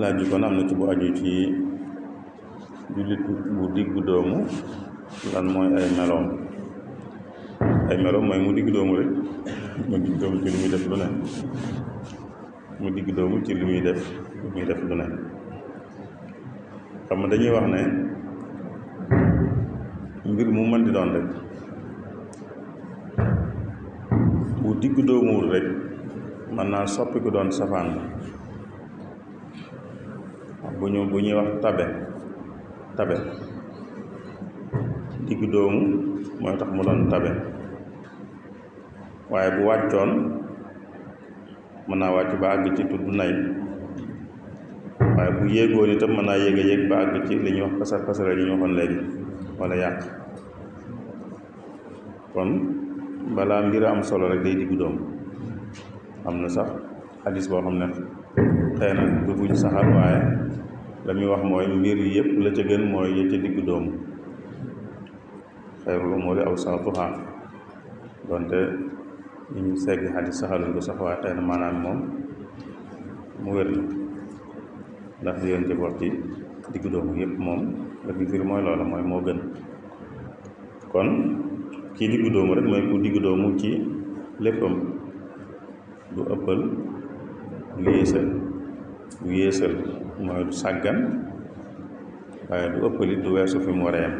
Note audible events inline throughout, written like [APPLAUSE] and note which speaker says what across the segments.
Speaker 1: laaj yi kon am na ci bu aju ci jullit bu diggu doomu lan mooy ay meloom ay meloom mooy mu digg doomu rek mu diggu doomu ci li muy def lu ne mu diggu doomu ci li muy def li muy def lu ne xam nga dañuy wax ne mbir mu mën di doon rek bu digg doomuwul rek mën naa soppi ku doon safaan buñu buñu wax tabe tabe dig doomu moy tax mu don tabe waye bu waccion mën wacc ba ag ci tuddu nay waye bu yéegoon itam ba ag ci wax pasar lagi yi ñu waxoon wala yaq kon bala mbir am solo rek day dig doomu amna sax hadis bo xamne ne du saxal waye lañuy wax mooy mbir yi yëpp ca gën mooy ya ca diggu doomu xayrul aw awsatuha donte ñu ñu segg xadis saxaluñ ko sax waaye xëy na maanaam moom mu wér na ndax li yoon ci ci diggu doomu yëpp moom la fi mooy loola mooy moo gën kon kii diggu doomu rek mooy ku diggu doomu ci léppam du ëppal du yéesal du yéesal mooy du sàggan waaye du ëppalit du weesu fi mu war a yem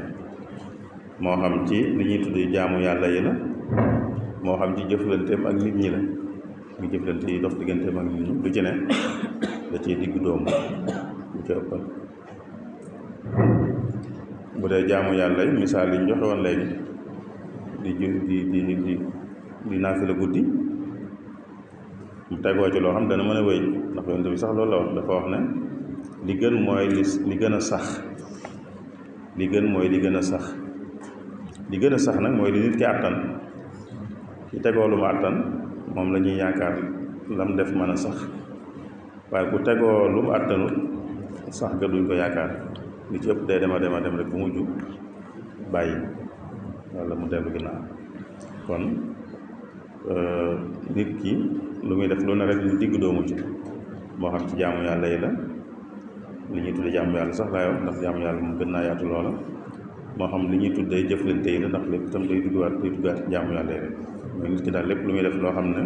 Speaker 1: moo xam ci li ñuy tuddee jaamu yàlla yi la moo xam ci jëflanteem ak nit ñi la muy jëflante yi dox digganteem ak nit ñi du ci ne [COUGHS] da ciy diggu doomu du ci ëppal bu dee jaamu yàlla yi misaal yi ñu joxe woon di di di di di naafi la guddi mu tegoo ci loo xam dana mën a wéy ndax yonent bi sax loolu la wax dafa wax ne li gën mooy li li gën a sax li gën mooy li gën a sax li gën a sax nag mooy li nit ki attan ci tegoo ma attan moom la ñuy yaakaar lam def mën a sax waaye ku tegoo lu mu attanu sax ga duñ ko yaakaar li ci ëpp day dema dema dem rek bu mujj bàyyi wala mu dellu ginnaaw kon euh, nit ki lu muy def lu ne rek ñu digg doomu ci moo xam ci jaamu yàlla yi la li ñuy tudde jaamu yàlla sax laay wax ndax jaamu yàlla moom gën naa moo xam li ñuy tuddee jëflante yi la ndax lépp itam day duggaat day duggaat jaamu yàlla yi rek mais nit ki daal lépp lu def loo xam ne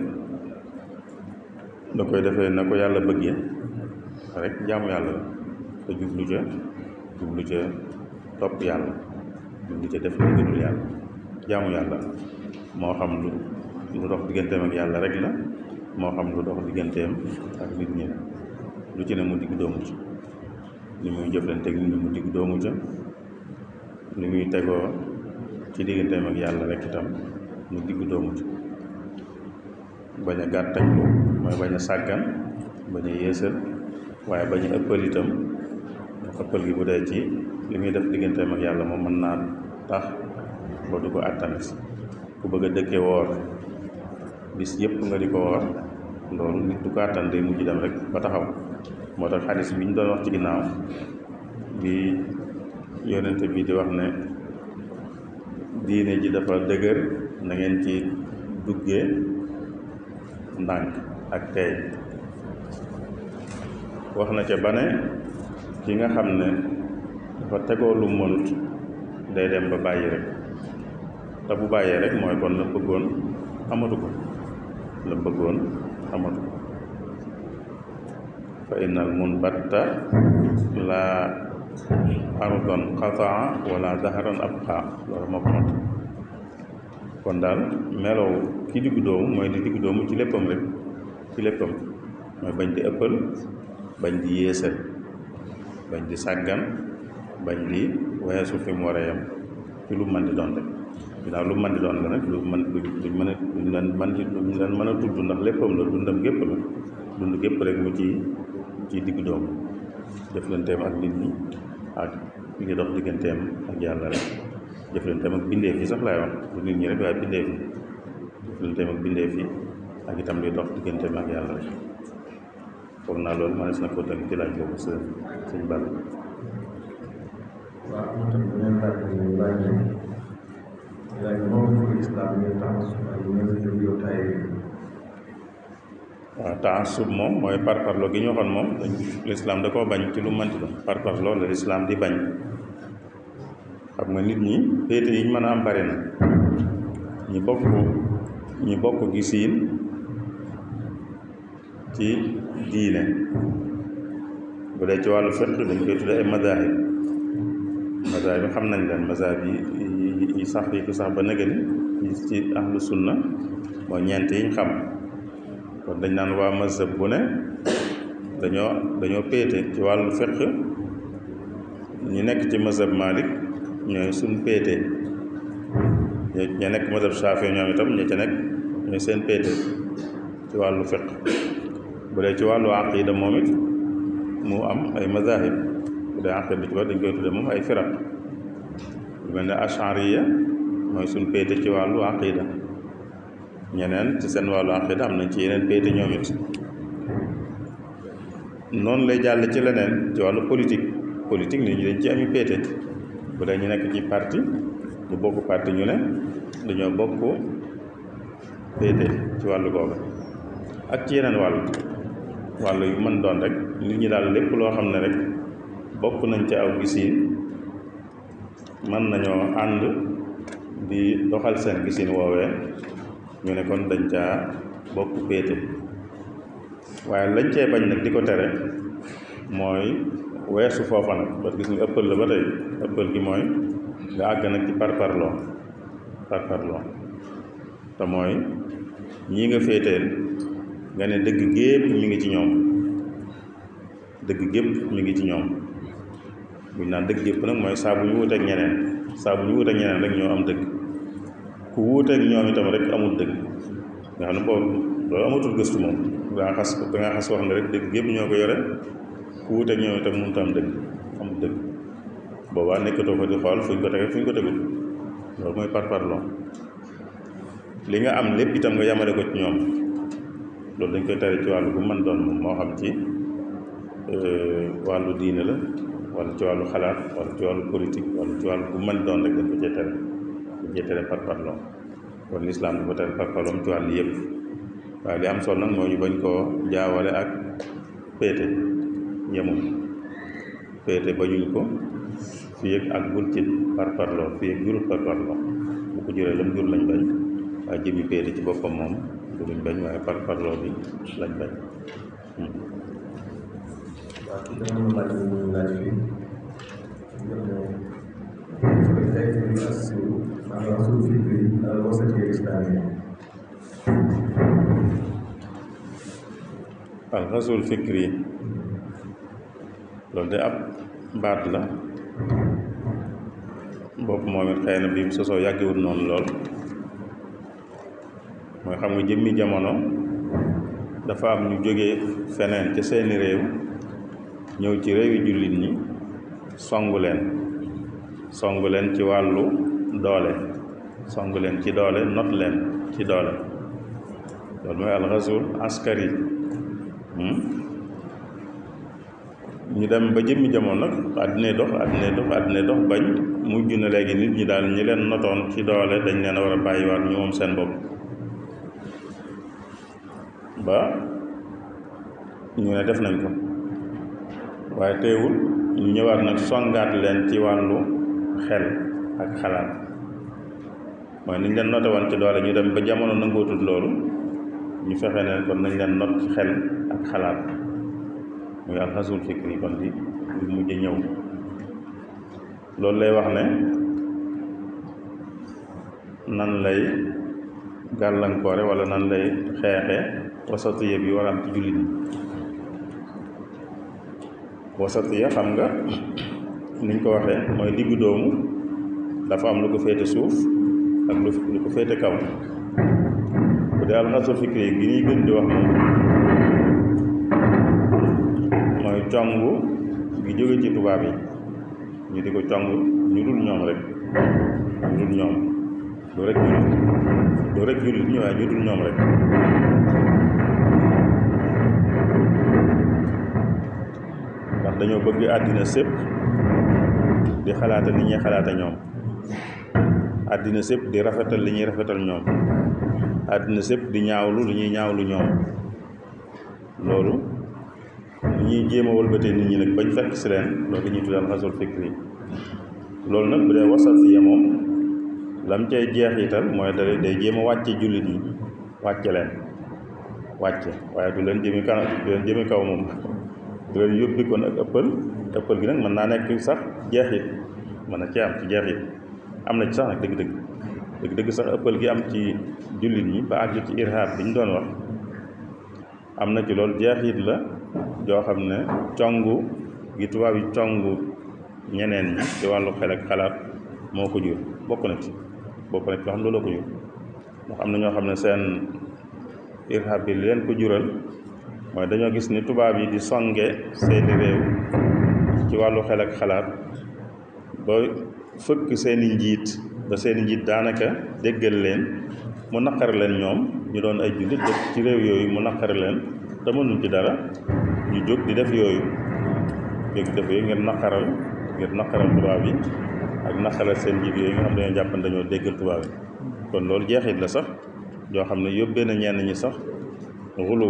Speaker 1: koy defee na yàlla bëggee rek jaamu yàlla la te jublu ca jublu ca def lu gënul xam lu lu dox digganteem ak yàlla rek la moo xam lu dox digganteem ak nit ñi lu ci ne mu digg doomu ni muy jëflanteeg nit ñi mu digg doomu ca ni muy tegoo ci digganteem ak yàlla rek itam mu dig doomu ca bañ a gàttañ mooy bañ a sàggan bañ a yéesal waaye bañ a ëppal itam ëppal gi bu dee ci li muy def digganteem ak yàlla moom mën naa tax ba du ko attanis ku bëgg a dëkkee woor bis yépp nga di ko woor loolu nit du ko attan day mujj dem rek ba taxaw moo tax xadis bi ñu doon wax ci ginnaaw bi yonente bi di wax ne diine ji dafa dëgër nangeen ci duggee ndànk ak tey wax na ca bane ne ki nga xam ne dafa tegoo lu mënut day dem ba bàyyi rek te bu bàyyee rek mooy kon la bëggoon amatu ko la bëggoon amatu ko فإن المنبت لا أرضا قطع ولا دهرا أبقى loolu moo ko mot kon dal melow ki diggu doomu mooy di diggu doomu ci leppam rek ci leppam moy bañ di eppal bañ di yeesal bañ di sàggan bañ di wayasu fi mu war a ci lu man di don rek ginnaaw lu man di don la nak lu man di man di man di man di luñ leen ndax léppam la dundam gépp la dund gépp rek mu ci ci diggu doom def leen jëflanteem ak nit ñi ak li ngi dox digganteem ak yàlla rek def leen jëflanteem ak bindeef fi sax laay wax bu nit ñi rek waaye def leen jëflanteem ak bindeef fi ak itam li dox digganteem ak yàlla rek foog naa loolu manees na ko tënk ci laaj boobu sa sëñ Bal. waaw tam beneen laaj bi laaj laaj moom islam ñu tax ñu ne yow tey waaw eh, taasub moom mooy parparlo gi ñu waxoon moom dañ lislaam da koo bañ ci lu mënti doon parparlo la lislaam di bañ xam nga nit ñi féete yiñ mën a am bari na ñi bokk ñi bokk gisiin ci diine bu dee ci wàllu fiq dañ koy tudde ay mazahib mazahib xam nañ leen mazahib yi yi sax yi fi sax ba nëgëni ci ahlu sunna mooy ñeent yiñ xam kon dañ naan waa mazhab bu ne dañoo dañoo péete ci wàllu fiqh ñu nekk ci mazhab Malik ñooy suñ péete ña nekk mazhab Shafi ñoom itam ña ca nekk ñooy seen péete ci wàllu fiqh bu dee ci wàllu aqida moom it mu am ay mazahib bu dee aqida ci ba dañ koy tudde moom ay firaq lu mel ne ashariya mooy suñ péete ci wàllu aqida ñeneen ci seen wàllu àqida am nañ ci yeneen bayte ñoom it noonu lay jàll ci leneen ci wàllu politique politique nit ñi ci ami péete bu dee ñu nekk ci parti ñu bokk parti ñu ne dañoo bokk péete ci wàllu boobu ak ci yeneen wàll wàll yu mën doon rek nit ñi daal lépp loo xam ne rek bokk nañ ci aw gisiin mën nañoo ànd di doxal seen gisiin woowee ñu ne kon dañ caa bokk péete waaye lañ cee bañ nag di ko tere mooy weesu foofa nag parce que gis nga ëppal la ba tey ëppal gi mooy nga àgg nag ci parparloo parparloo te mooy ñi nga féeteel nga ne dëgg gépp mi ngi ci ñoom dëgg gépp mi ngi ci ñoom buñ naan dëgg gépp nag mooy saa bu ñu wut ak ñeneen saa bu ñu wut ak ñeneen rek ñoo am dëgg ku wuuteeg ñoom itam rek amul dëgg nga xam ne boobu loolu amatul gëstu moom dangaa xas dangaa xas wax ne rek dëgg gépp ñoo ko yore ku wuuteeg ñoom itam mënut am dëgg amul dëgg boobaa nekkatoo ko di xool fuñ ko tege fuñ ko tegul loolu mooy par parloo li nga am lépp itam nga yamale ko ci ñoom loolu dañ koy tere ci wàllu bu mën doon moom moo xam ci euh, wàllu diine la wala ci wàllu xalaat wala ci wàllu politique wala ci wàllu bu man doon rek dañ ko cee dañuy tere parparloo kon lislaam dafa tere parparloom ci wàll yëpp waaye li am sol nag moo ñu bañ koo jaawale ak péete yemul péete bañuñ ko fii ak ak gul ci parparloo fii ak jurul parparloo bu ko juree lam jur lañ bañ waaye jëmi péete ci boppam moom du luñ bañ waaye parparloo bi lañ bañ. Hmm. Rasul Fikri Al-Wasatiyya loolu de ab baat la boobu moom it xëy bi mu sosoo yàggewul noonu lool mooy xam nga jëmmi jamono dafa am ñu jóge feneen ca seeni réew ñëw ci réewi jullit ñi songu leen songu leen ci wàllu doole song leen ci doole not leen ci doole loolu mooy alxasul askari hmm? ñu dem ba jëmmi jamoon nag àddinay dox àddinay dox àddinay dox bañ mujj na léegi nit ñi daal ñi leen notoon ci doole dañ leen war a bàyyiwaat ñu moom seen bopp ba ñu ne def nañ ko waaye teewul ñu ñëwaat nag songaat leen ci wàllu xel ak xalaat mooy niñ leen noté woon ci doole ñu dem ba jamono nangootul loolu ñu fexe ne kon nañ leen not ci xel ak xalaat muy alxasul fikri kon di di mujj ñëw loolu lay wax ne nan lay gàllankoore wala nan lay xeexe wasatiya bi war am ci jullit ñi wasatiya xam nga [COUGHS] niñ ko waxee mooy diggu doomu dafa am lu ko féete suuf ak lu ko féete kaw bu dee alxasu fikri gi ñuy gën di wax moom mooy congu gi jóge ci tubaab yi ñu di ko congu ñu dul ñoom rek ñu dul ñoom du rek jullit du waaye ñu dul ñoom rek ndax dañoo bëgg àddina sépp di xalaata ni ñuy xalaata ñoom àddina sépp di rafetal li ñuy rafetal ñoom àddina sépp di ñaawlu li ñuy ñaawlu ñoom loolu ñuy jéem a wëlbatee nit ñi nag bañ fekk si leen loolu la ñuy tuddee alxasul fikri loolu nag bu dee wasatiya moom lam cay jeexital mooy dara day jéem a wàcce jullit ñi wàcce leen wàcce waaye du leen jëmi kanam du kaw moom du leen yóbbi kon ak ëppal ëppal gi nag mën naa nekk sax jeexit mën na cee am ci jeexit amna ci sax deug deug deug deug sax eppal gi am ci julit ni ba ak ci irhab biñ doon wax amna ci lol jeexit la jo xamne tongu gi tubaab yi tongu ñeneen ni ci walu xel ak xalaat moko jur bokku na ci bokku na ci xam lolo ko jur mo am na ñoo xam ne irhab bi leen ko jural moy dañu gis ni tuba bi di songé seeni rew ci walu xel ak xalaat ba fëkk seeni njiit ba seeni njiit daanaka déggal leen mu naqar leen ñoom ñu doon ay jullit dëkk ci réew yooyu mu naqar leen te mënul ci dara ñu jóg di def yooyu jóg di def yooyu ngir naqaral ngir naqaral tubaab yi ak naqaral seen njiit yooyu nga xam dañoo jàppan dañoo déggal tubaab yi kon loolu jeexit la sax yoo xam ne yóbbee na ñeen ñi sax xulu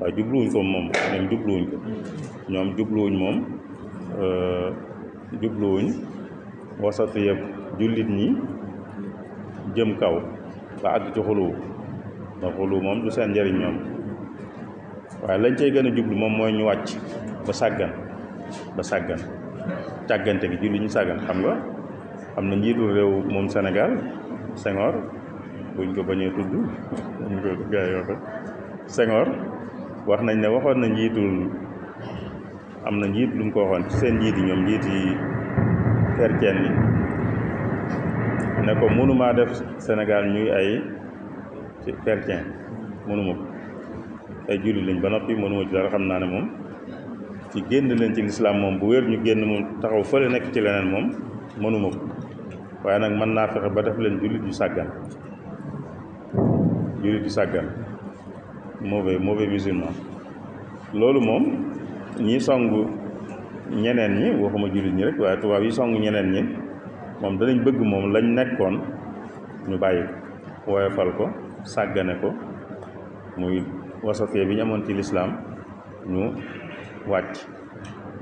Speaker 1: waaye jubluwuñ ko moom ñoom jubluwuñ ko ñoom jubluwuñ moom euh, jubluwuñ wasatu yëpp jullit ñi jëm kaw ba àgg ci xulu ndax xulu moom du seen njëriñ ñoom waaye lañ cay gën a jublu moom mooy ñu wàcc ba sàggan ba sàggan càggante gi jullit ñu sàggan xam nga am na njiitu réew moom Sénégal Senghor buñ ko bañee tudd buñ wax nañ ne waxoon na njiitul am na njiit lu mu ko waxoon ci seen njiit yi ñoom njiit yi Babacar Dieng ne ko mënumaa def Sénégal ñuy ay chrétien mënuma ko ay jullit lañ ba noppi mënuma ci dara xam naa ne moom ci génn leen ci lislaam moom bu wér ñu génn moom taxaw fële nekk ci leneen moom mënuma ko waaye nag mën naa fexe ba def leen jullit yu sàggan jullit yu sàggan mauvais mauvais musulman loolu moom ñi songu ñeneen ñi waxuma jullit ñi rek waaye tubaab yi song ñeneen ñi moom danañ bëgg moom lañ nekkoon ñu bàyyi ko woyofal ko sàggane ko muy wasatee bi ñu amoon ci lislaam ñu wàcc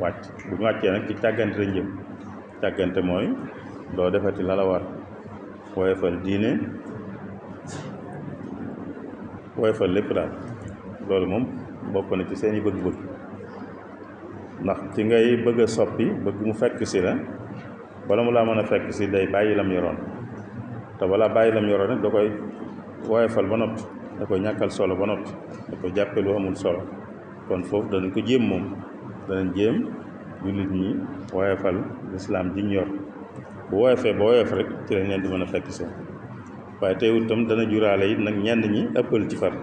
Speaker 1: wàcc bu ñu wàccee nag ci càggante lañ jëm càggante mooy doo defati la la war woyofal diine woyofal lépp daal loolu moom bokk na ci seeni bëgg-bëgg ndax ci ngay bëgg a soppi bëgg mu fekk si la bala mu laa mën a fekk si day bàyyi lam yoroon te balaa bàyyi lam yoroon nag da koy woyofal ba noppi da koy ñàkkal solo ba noppi da koy jàppe lu amul solo kon foofu danañ ko jéem moom danañ jéem jullit ñi woyofal lislaam ji ñu yor bu woyofee ba woyof rek ci lañ leen di mën a fekk si waaye teewul tam dana juraale yi nag ñeent ñi ëppal ci far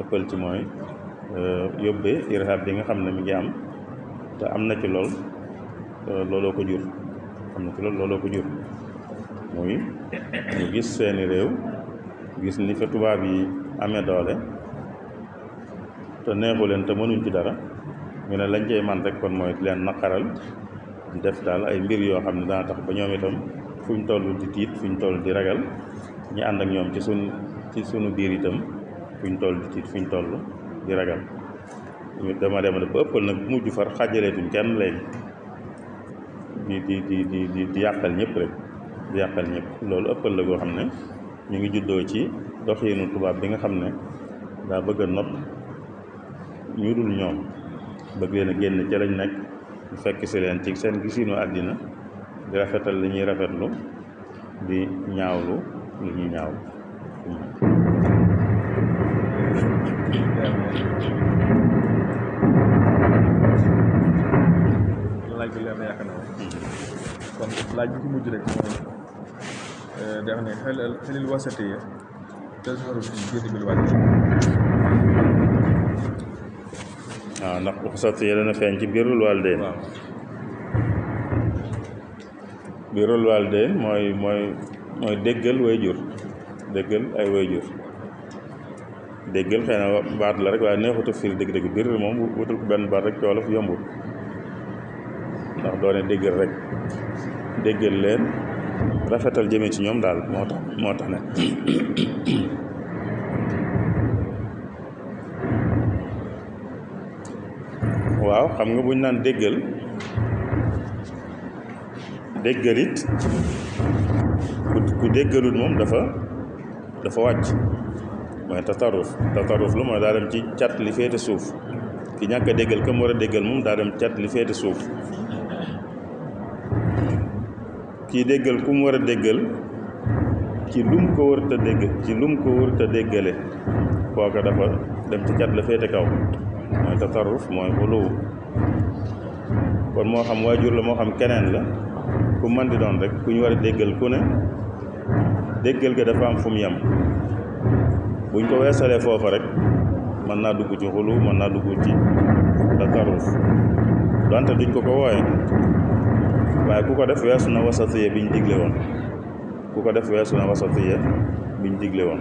Speaker 1: ëppal ci mooy euh, yóbbee irhab bi nga xam ne mi ngi am te am na ci lool looloo ko jur am na ci lool looloo ko jur muy ñu gis seeni réew gis ni fa tubaab yi ame doole te neexu leen te mënuñ ci dara mu ne lañ cay man rek kon mooy leen naqaral def daal ay mbir yoo xam ne dana tax ba ñoom itam fu ñu toll di tiit fu ñu toll di ragal ñu ànd ak ñoom ci suñ ci sunu biir yitam fu ñu toll di tiit fu ñu toll di ragal dama dema ne ba ëppal nag bu mujj far xàjjaleetuñ kenn léegi di di di di yàqal ñëpp rek di yàqal ñépp loolu ëppal la goo xam ne ñu ngi juddoo ci doxiinu tubaab bi nga xam ne daa bëgg a nopp ñu dul ñoom bëgg leen a génn ca lañ nekk ñu fekk si leen ci seen gisiinu àddina di rafetal li ñuy rafetlu di ñaawlu li ñuy ñaaw laaj bi leer na yàq na kon laaj bi ci mujj rek mooy def ne xel xelil wasatiya tasfaru fi jënd bil wàcc waaw ndax wasatiya dana feeñ ci biirul wàldeen biirul wàldeen mooy mooy mooy déggal way jur déggal ay way jur déggal xëy na baat la rek waaye neexut a firi dëgg-dëgg biir moom wutul ko benn baat rek ci wolof yombul ndax doone déggal rek déggal leen rafetal jëmee ci ñoom daal moo tax moo tax ne waaw xam nga buñ naan déggal déggal ku déggalut moom dafa dafa wàcc mooy tasarruf tasarruf lu mooy daa dem ci cat li féete suuf ki ñàkk a déggal kam war a déggal moom daa dem cat li féete suuf kii déggal ku mu war a déggal ci lum ko war a dégg ci lum ko wër ta déggale kooka dafa dem ci cat la féete kaw mooy tasarruf mooy xuluwu kon moo xam waajur la moo xam keneen la ku mën di doon rek ku ñu war a déggal ku ne déggal ga dafa am fu mu yem buñ ko weesalee foofa rek mën naa dugg ci xulu mën naa dugg ci tatarus donte duñ ko ko wooye waaye ku ko def weesu na wasatiya biñ digle woon ku ko def weesu na wasatiya biñ digle woon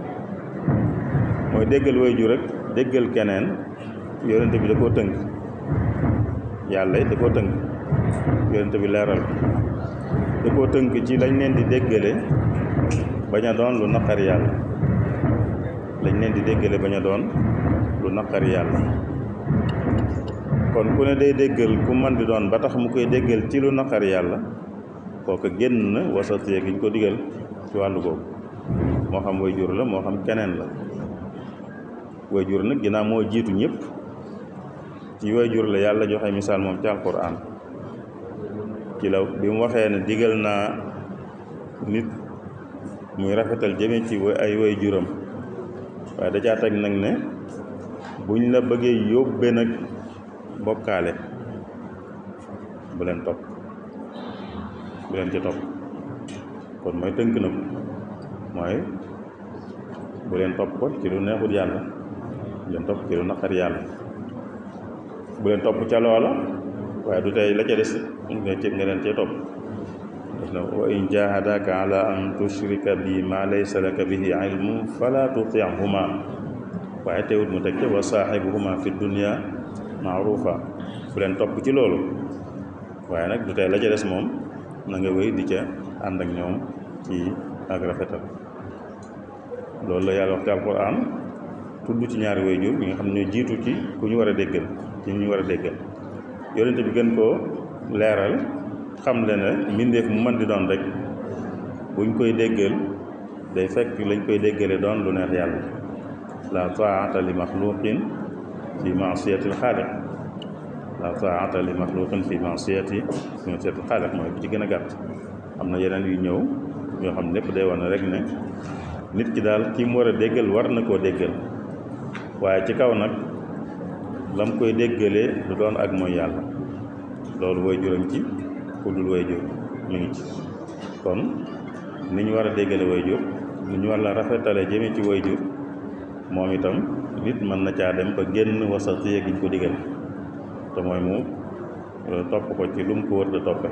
Speaker 1: mooy déggal ju rek déggal keneen yonente bi da koo tënk yàlla it da koo tënk yonente bi leeral da koo tënk ci lañ leen di déggale bañ a doon lu naqar yàlla dañ leen di déggale bañ a doon lu naqari yàlla kon ku ne day déggal ku mën di doon ba tax mu koy déggal ci lu naqari yàlla kooku génn na wasatiyee gi ñu ko digal ci wàllu googu moo xam way jur la moo xam keneen la way jur nag ginnaaw moo jiitu ñépp ci way jur la yàlla joxe misaal moom ci alquran ci law bi mu waxee ne digal naa nit muy rafetal jëme ci ay way juram waaye da caa teg nag ne buñ la bëggee yóbbee nag bokkaale bu leen topp bu leen ci topp kon mooy tënk na mooy bu leen topp kon ci lu neexul yàlla bu leen topp ci lu naqar yàlla bu leen topp ca loola waaye du tey la ca des nga ci nga leen cee topp وإن جاهداك على أن تشرك بي ما ليس لك به علم فلا تطيعهما. waaye mu teg ca wa saaxibuhuma fi dunya maarufa bu leen ya, topp ci loolu waaye nag du tey la ca des moom na nga wéy di ca ànd ak ñoom ci ak rafetal loolu wax ci alquran tudd ci ñaari way jur ñi nga ci ku ñu ci ñu bi gën xam le ne mbindeef mu mën di doon rek buñ koy déggal day fekk lañ koy déggale doon lu neex yàlla la taata li maxluqin fi maasiyati lxaaliq la taata li maxluqin fi maasiyati maasiyati lxaaliq mooy bu ci gën a gàtt am na yeneen yu ñëw yoo xam lépp day wane rek ne nit ki daal kii mu war a déggal war na koo déggal waaye ci kaw nag lam koy déggalee du doon ak mooy yàlla loolu mooy juróom ci ku dul waajur mi ngi ci kon ni ñu war a déggale waajur ni ñu war la rafetale jëme ci waajur moom itam nit mën na caa dem ba génn wasatiya gi ñu ko digal te mooy mu euh, topp ko ci lu mu ko wër toppe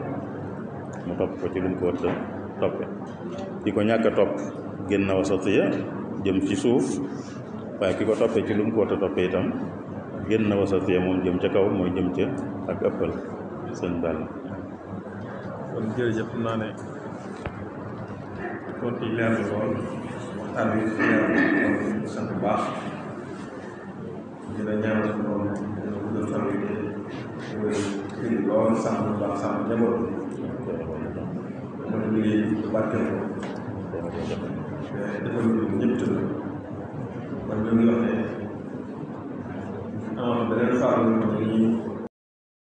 Speaker 1: mu topp ci lu mu ko ki ko ñàkk a topp génn na wasatiya jëm ci suuf waaye ki ko toppee ci lu mu ko wër toppe itam génn na wasatiya moom jëm ca kaw mooy jëm ca ak ëppal sëñ Balla kon jërëjëf naa ne kon ci leer na lool waxtaan bi leer na sant bu baax dina ñaan ci moom dina guddal fan yi kii lool sàmm bu baax sàmm njaboot mën a liggéey bu barkeel ko defal ñu ñëpp tëdd man ñu ngi wax ne am beneen faaru ñu